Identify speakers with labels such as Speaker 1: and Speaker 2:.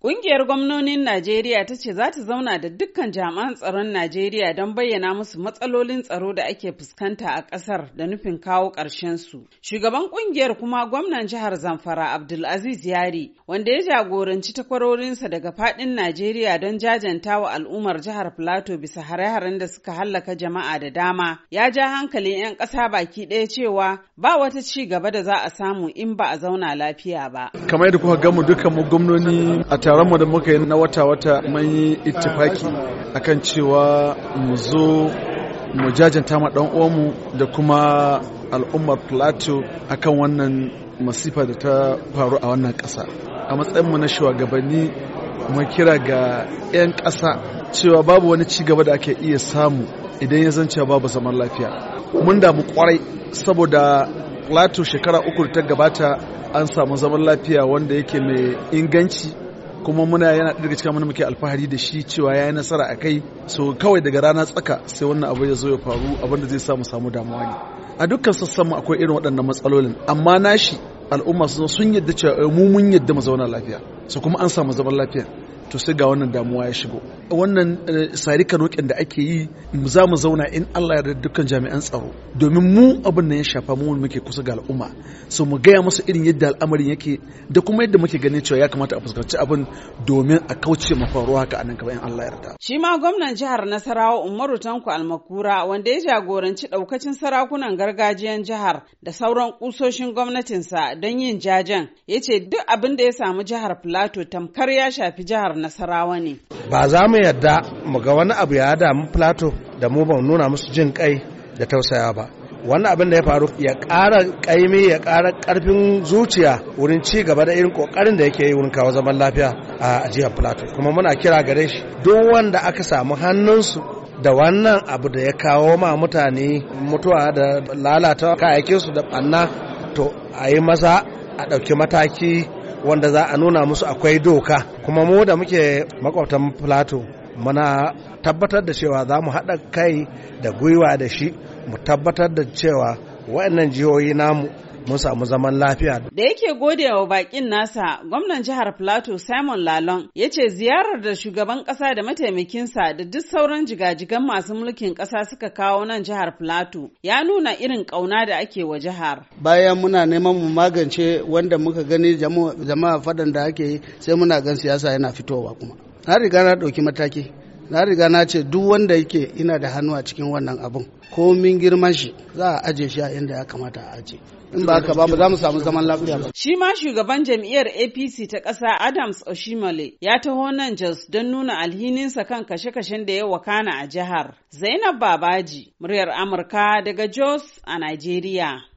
Speaker 1: Ƙungiyar gwamnonin Najeriya ta ce za ta zauna da dukkan jami'an tsaron Najeriya don bayyana musu matsalolin tsaro da ake fuskanta a ƙasar da nufin kawo ƙarshen su. Shugaban ƙungiyar kuma gwamnan jihar Zamfara Abdulaziz Yari, wanda ya jagoranci takwarorinsa daga faɗin Najeriya don jajanta wa al'ummar jihar Filato bisa hare-haren da suka hallaka jama'a da dama, ya ja hankalin 'yan ƙasa baki ɗaya cewa ba wata ci gaba da za a samu in ba a zauna lafiya ba.
Speaker 2: Kamar yadda kuka gamu dukkan mu gwamnoni taron mu da muka yi na wata-wata mun yi ittifaki akan cewa mu zo mu jajanta ma dan uwanmu da kuma al'ummar plateau akan wannan masifa da ta faru a wannan ƙasa a matsayin mu na shugabanni mu kira ga 'yan ƙasa cewa babu wani ci gaba da ake iya samu idan ya zance babu zaman lafiya mun damu kwarai saboda plateau shekara uku ta gabata an samu zaman lafiya wanda yake mai inganci kuma muna yana daga cikin muke alfahari da shi cewa ya yi nasara a kai so kawai daga rana tsaka sai wannan abu ya zo ya faru abin da zai samu samu damuwa ne a dukkan sassan akwai irin waɗannan matsalolin amma nashi al'umma sun yadda cewa eh, mu mun yadda mu zauna lafiya so kuma an samu zaman lafiya to sai ga wannan damuwa ya shigo wannan eh, sarika roƙin da ake yi za mu zauna in Allah ya da dukkan jami'an tsaro domin mu abin nan ya shafa mu muke kusa ga al'umma so mu gaya musu irin yadda al'amarin yake da kuma yadda muke ganin cewa ya kamata a fuskanci abin domin a kauce ma haka anan gaba in Allah ya yarda
Speaker 1: shi ma gwamnan jihar Nasarawa Umaru Tanko Almakura wanda ya jagoranci ɗaukacin sarakunan gargajiyan jihar da sauran kusoshin gwamnatinsa don yin jajen yace duk abin da ya samu jihar Plateau tamkar ya shafi jihar nasarawa ne
Speaker 3: ba za mu yadda mu ga wani abu ya damu plato da mu ba nuna musu jin kai da tausaya ba Wani abin da ya faru ya ƙara ƙaimi ya ƙara ƙarfin zuciya wurin ci gaba da irin ƙoƙarin da yake yi wurin kawo zaman lafiya a jihar plateau kuma muna kira gare shi duk wanda aka samu hannunsu da wannan abu da ya kawo ma mutane mutuwa da lalata kayayyakinsu da ɓanna to a yi masa a ɗauki mataki wanda za a nuna musu akwai doka kuma mu da muke makwabtan plato muna tabbatar da cewa za mu haɗa kai da gwiwa da shi mu tabbatar da cewa waɗannan jihohi namu mun samu zaman lafiya.
Speaker 1: Da yake gode wa bakin nasa, gwamnan jihar Plateau Simon Lalon ya ce ziyarar da shugaban kasa da mataimakinsa da duk sauran jigajigan masu mulkin kasa suka kawo nan jihar Plateau ya nuna irin kauna da ake wa jihar.
Speaker 4: Bayan muna neman mu magance wanda muka gani jama'a fadan da ake yi sai muna gan siyasa yana fitowa kuma. Na riga na ɗauki mataki. Na riga na ce duk wanda yake ina da hannu a cikin wannan abun. komin girman shi za a aje shi a inda ya kamata a aje in ba haka ba ba za mu samu zaman lafiya ba
Speaker 1: shi ma shugaban jam'iyyar APC ta ƙasa Adams Oshimale ya taho nan Jos don nuna alhininsa kan kashe-kashen da ya wakana a jihar Zainab Babaji muryar Amurka daga Jos a Najeriya